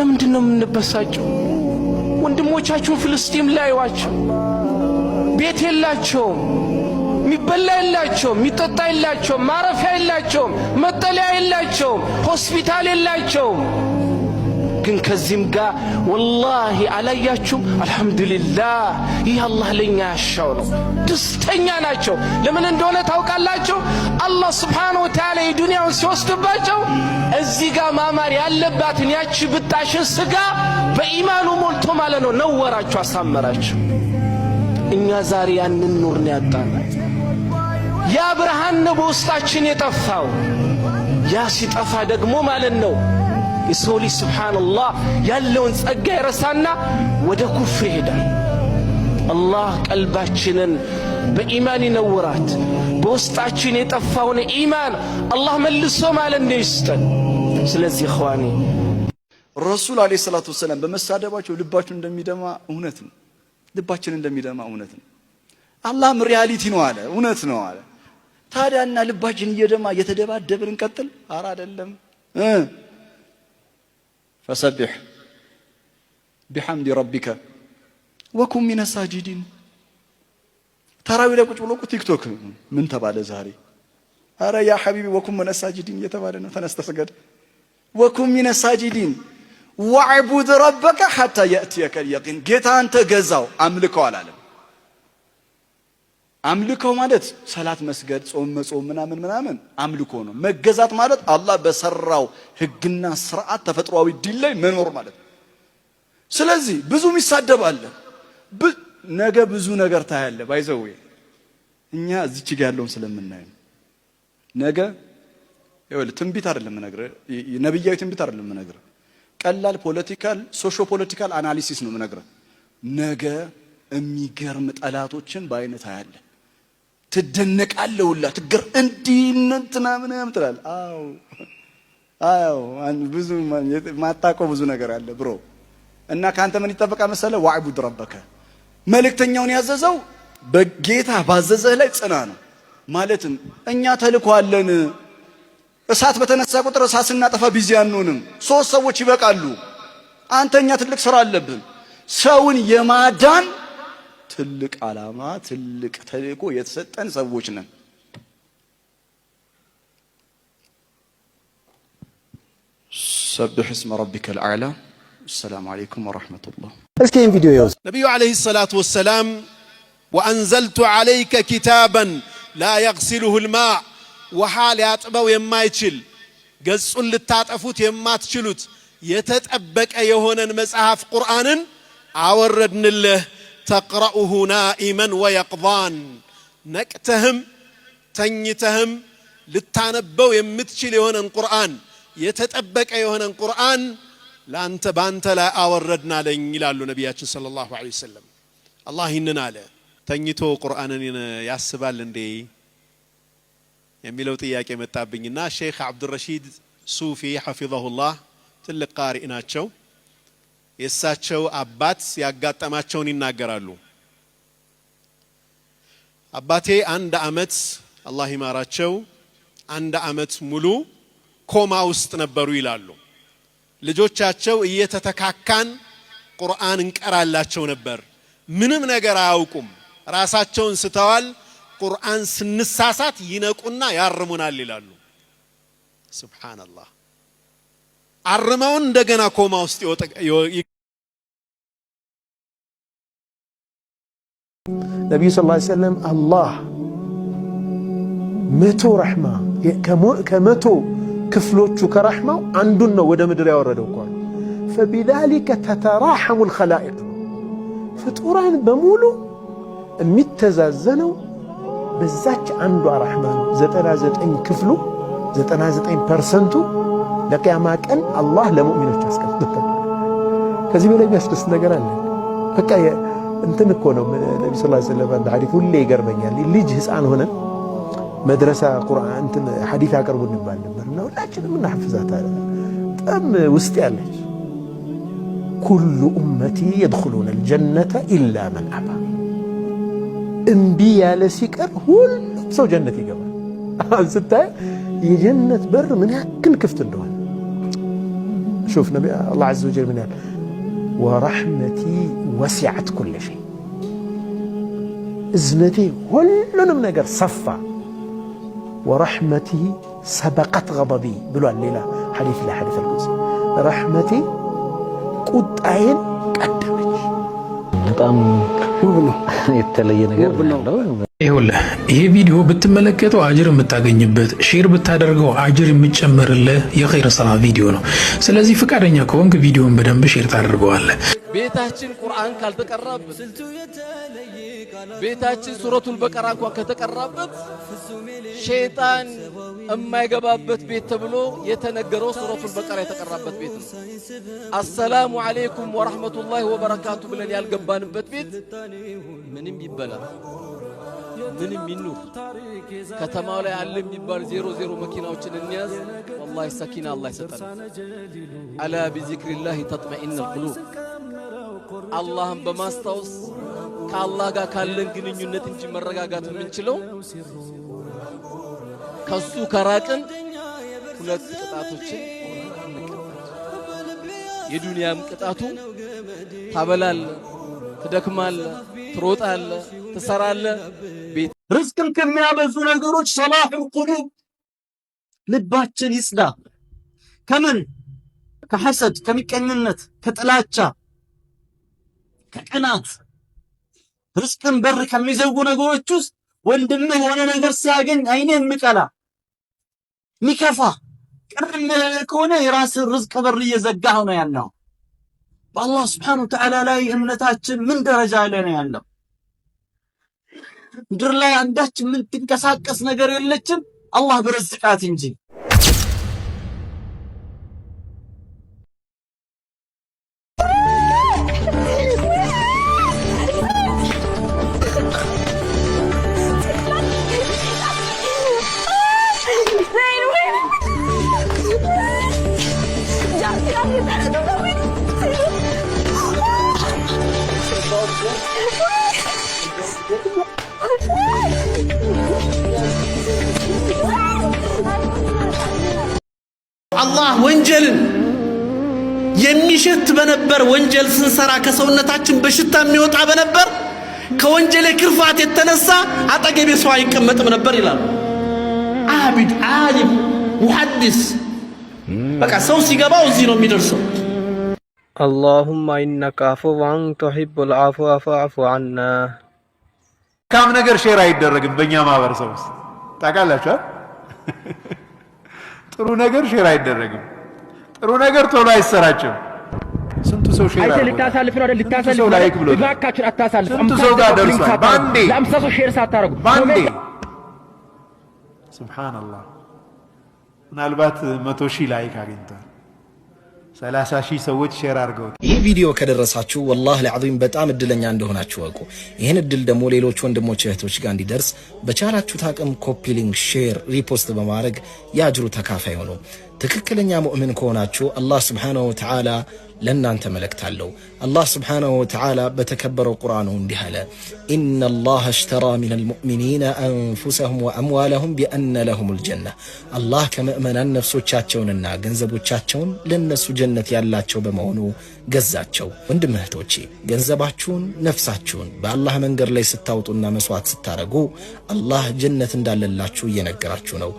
ለምንድን ነው የምንበሳጨው? ወንድሞቻችሁን ፍልስጢም ላይ ዋቸው። ቤት የላቸውም፣ የሚበላ የላቸውም፣ የሚጠጣ የላቸውም፣ ማረፊያ የላቸውም፣ መጠለያ የላቸውም፣ ሆስፒታል የላቸውም። ግን ከዚህም ጋር ወላሂ አላያችሁም፣ አልሐምዱሊላህ ይህ አላህ ለኛ ያሻው ነው። ደስተኛ ናቸው። ለምን እንደሆነ ታውቃላችሁ? አላህ ስብሓነሁ ወተዓላ የዱንያውን ሲወስድባቸው እዚህ ጋር ማማር ያለባትን ያቺ ብጣሽን ስጋ በኢማኑ ሞልቶ ማለት ነው ነወራችሁ፣ አሳመራችሁ። እኛ ዛሬ ያንን ኑርን ያጣነ። ያ ብርሃን ነው በውስጣችን የጠፋው። ያ ሲጠፋ ደግሞ ማለት ነው የሰው ልጅ ስብሓንላህ ያለውን ጸጋ ይረሳና ወደ ኩፍር ይሄዳል። አላህ ቀልባችንን በኢማን ይነውራት። በውስጣችን የጠፋውን ኢማን አላህ መልሶ ማለት እንደ ይስጠን። ስለዚህ ኸዋኔ ረሱል ዓለይሂ ሰላቱ ወሰላም በመሳደባቸው ልባችን እንደሚደማ እውነት ነው። ልባችን እንደሚደማ እውነት ነው። አላህም ሪያሊቲ ነው አለ፣ እውነት ነው አለ። ታዲያና ልባችን እየደማ እየተደባደብን እንቀጥል? አረ አይደለም። ፈሰቢሕ ቢሐምዲ ረቢከ ወኩም ሚነ ሳጂዲን። ተራዊ ላይ ቁጭ ብሎ ቲክቶክ ምን ተባለ ዛሬ? አረ ያ ሐቢቢ ወኩም ሚነ ሳጂዲን እየተባለ ነው። ተነስተ ስገድ። ወኩም ሚነ ሳጂዲን ወዕቡድ ረበከ ሐታ የእትየከ ልየቂን። ጌታህን ተገዛው አምልከው አላለም። አምልኮ ማለት ሰላት መስገድ፣ ጾም መጾም ምናምን ምናምን አምልኮ ነው። መገዛት ማለት አላህ በሰራው ህግና ስርዓት ተፈጥሯዊ ዲል ላይ መኖር ማለት ነው። ስለዚህ ብዙ የሚሳደብ አለ። ነገ ብዙ ነገር ታያለ። ባይዘው እኛ እዚች ጋ ያለውን ስለምናየ ነገ ይወል ትንቢት አይደለም ምነግርህ፣ ነብያዊ ትንቢት አይደለም ምነግርህ፣ ቀላል ፖለቲካል ሶሾ ፖለቲካል አናሊሲስ ነው ምነግርህ። ነገ የሚገርም ጠላቶችን በአይነት አያለ ትደነቃለህ ትግር ትገር እንዲህ ምናምን አዎ አዎ፣ ብዙ ማታውቀው ብዙ ነገር አለ ብሮ እና ከአንተ ምን ይጠበቃል መሰለ? ዋዕቡድ ረበከ መልእክተኛውን ያዘዘው በጌታ ባዘዘህ ላይ ጽና ነው። ማለትም እኛ ተልኮ አለን። እሳት በተነሳ ቁጥር እሳት ስናጠፋ ቢዚ አንሆንም። ሶስት ሰዎች ይበቃሉ። አንተ እኛ ትልቅ ስራ አለብን ሰውን የማዳን ትልቅ ዓላማ፣ ትልቅ ተልእኮ የተሰጠን ሰዎች ነን። ሰብሕ እስመ ረቢከ ልአዕላ። አሰላሙ አለይኩም ወረሕመቱላህ። እስኪ ይህን ቪዲዮ ይወዝ ነቢዩ ዓለይሂ ሰላቱ ወሰላም ወአንዘልቱ ዓለይከ ኪታበን ላ የግሲሉሁ ልማእ ውሃ ሊያጥበው የማይችል ገጹን ልታጠፉት የማትችሉት የተጠበቀ የሆነን መጽሐፍ ቁርአንን አወረድንልህ ተቅረኡሁ ናኢመን ወየቅቫን ነቅተህም ተኝተህም ልታነበው የምትችል የሆነን ቁርአን የተጠበቀ የሆነን ቁርአን ለአንተ በአንተ ላይ አወረድን አለኝ ይላሉ ነቢያችን ሰለላሁ ዐለይሂ ወሰለም። አላህ ይህንን አለ። ተኝቶ ቁርአንን ያስባል እንዴ የሚለው ጥያቄ መጣብኝና ሼክ አብዱረሺድ ሱፊ ሐፊዘሁላህ ትልቅ ቃሪእ ናቸው። የእሳቸው አባት ያጋጠማቸውን ይናገራሉ። አባቴ አንድ አመት አላህ ይማራቸው አንድ አመት ሙሉ ኮማ ውስጥ ነበሩ ይላሉ። ልጆቻቸው እየተተካካን ቁርአን እንቀራላቸው ነበር። ምንም ነገር አያውቁም። ራሳቸውን ስተዋል። ቁርአን ስንሳሳት ይነቁና ያርሙናል ይላሉ። ሱብሃነላህ አርመውን እንደገና ኮማ ውስጥ ነቢዩ ስ ሰለም አላህ መቶ ረሕማ ከመቶ ክፍሎቹ ከረሕማው አንዱን ነው ወደ ምድር ያወረደው እኳ ፈቢዛሊከ ተተራሐሙ ልኸላኢቅ ነው። ፍጡራን በሙሉ የሚተዛዘነው በዛች አንዷ ረሕማ ነው። ዘጠና ዘጠኝ ክፍሉ ዘጠና ዘጠኝ ፐርሰንቱ ለቅያማ ቀን አላህ ለሙእሚኖች ያስቀምጣል። ከዚህ በላይ የሚያስደስት ነገር አለ? በቃ እንትን እኮ ነው ነቢ ስ ስለም አንድ ሐዲት ሁሌ ይገርመኛል። ልጅ ህፃን ሆነን መድረሳ ቁርአን እንትን ሐዲት አቅርቡ እንባል ነበር እና ሁላችንም እናሐፍዛት አለ በጣም ውስጥ ያለች ኩሉ ኡመቲ የድኹሉነ ልጀነተ ኢላ መን አባ እምቢ ያለ ሲቀር ሁሉም ሰው ጀነት ይገባል። ስታይ የጀነት በር ምን ያክል ክፍት እንደሆነ شوف نبي الله عز وجل من ورحمتي وسعت كل شيء ازنتي كلنا من اجر صفى ورحمتي سبقت غضبي بلو الليلة حديث لا حديث القدسي رحمتي قد عين قدمت بطعم يتلي نقر ይኸውልህ ይሄ ቪዲዮ ብትመለከተው አጅር የምታገኝበት ሼር ብታደርገው አጅር የምጨመርልህ የኸይር ስራ ቪዲዮ ነው። ስለዚህ ፍቃደኛ ከሆንክ ቪዲዮን በደንብ ሼር ታደርገዋለህ። ቤታችን ቁርአን ካልተቀራበት፣ ቤታችን ሱረቱል በቀራ እንኳን ከተቀራበት ሸይጣን የማይገባበት ቤት ተብሎ የተነገረው ሱረቱል በቀራ የተቀራበት ቤት ነው። አሰላሙ አለይኩም ወራህመቱላሂ ወበረካቱ ብለን ያልገባንበት ቤት ምንም ይበላል። ምንም ይኑር ከተማው ላይ አለ የሚባል ዜሮ ዜሮ መኪናዎችን እንያዝ። ወላሂ ሰኪና አላህ ይሰጠን። አላ ቢዚክሪላሂ ተጥመኢነል ቁሉብ አላህን በማስታወስ ከአላህ ጋር ካለን ግንኙነት እንጂ መረጋጋት የምንችለው ከሱ ከራቅን ሁለት ቅጣቶችን የዱንያም ቅጣቱ ታበላል ትደክማለ፣ ትሮጣለ፣ ትሰራለ። ርዝቅን ከሚያበዙ ነገሮች ሰላሑል ቁሉብ ልባችን ይጽዳ። ከምን ከሐሰድ፣ ከሚቀኝነት፣ ከጥላቻ፣ ከቅናት ርዝቅን በር ከሚዘጉ ነገሮች ውስጥ ወንድምህ የሆነ ነገር ሲያገኝ አይኔ የሚቀላ ሚከፋ ቅር ከሆነ የራስን ርዝቅ በር እየዘጋህ ነው ያለው። በአላህ ስብሓን ወተዓላ ላይ እምነታችን ምን ደረጃ ላይ ነው ያለው? ምድር ላይ አንዳች የምትንቀሳቀስ ነገር የለችም አላህ በረዝቃት እንጂ አላህ ወንጀልን የሚሸት በነበር ወንጀል ስንሰራ ከሰውነታችን በሽታ የሚወጣ በነበር ከወንጀል ክርፋት የተነሳ አጠገቤ ሰው አይቀመጥም ነበር ይላሉ። አቢድ፣ ዓሊም፣ ሙሐዲስ በቃ ሰው ሲገባው እዚህ ነው የሚደርሰው። አላሁማ ኢነከ አፉውን ቱሒቡል ዓፍወ ፈዕፉ ዐና። ካም ነገር ሼር አይደረግም በእኛ ማህበረሰብ ውስጥ ታውቃላችኋል። ጥሩ ነገር ሼር አይደረግም። ጥሩ ነገር ቶሎ አይሰራጭም። ስንቱ ሰው ሼር አይደል? ልታሳልፍ ነው አይደል? ልታሳልፍ ላይክ ብሎ ይባካችሁ፣ አታሳልፍ። ስንቱ ሰው ጋር ደርሷል። ባንዴ ለአምሳ ሰው ሼር ሳታረጉ ባንዴ። ሱብሃንአላህ ምናልባት መቶ ሺህ ላይክ አግኝቷል። ሰላሳ ሺህ ሰዎች ሼር አድርገውት ይህ ቪዲዮ ከደረሳችሁ ወላሂ ለዓዚም በጣም እድለኛ እንደሆናችሁ እወቁ። ይህን እድል ደግሞ ሌሎች ወንድሞች እህቶች ጋር እንዲደርስ በቻላችሁት አቅም ኮፒ ሊንክ፣ ሼር፣ ሪፖስት በማድረግ የአጅሩ ተካፋይ ሆኖ ትክክለኛ ሙእምን ከሆናችሁ አላህ ስብሓነሁ ወተዓላ ለእናንተ መልእክት አለው። አላህ ስብሓነሁ ወተዓላ በተከበረው ቁርአኑ እንዲህ አለ፣ ኢነ አላህ እሽተራ ሚነል ሙእሚኒነ አንፉሰሁም ወአምዋለሁም ቢአነ ለሁም ልጀና። አላህ ከምእመናን ነፍሶቻቸውንና ገንዘቦቻቸውን ለእነሱ ጀነት ያላቸው በመሆኑ ገዛቸው። ወንድም እህቶቼ፣ ገንዘባችሁን፣ ነፍሳችሁን በአላህ መንገድ ላይ ስታውጡና መስዋዕት ስታደርጉ አላህ ጀነት እንዳለላችሁ እየነገራችሁ ነው።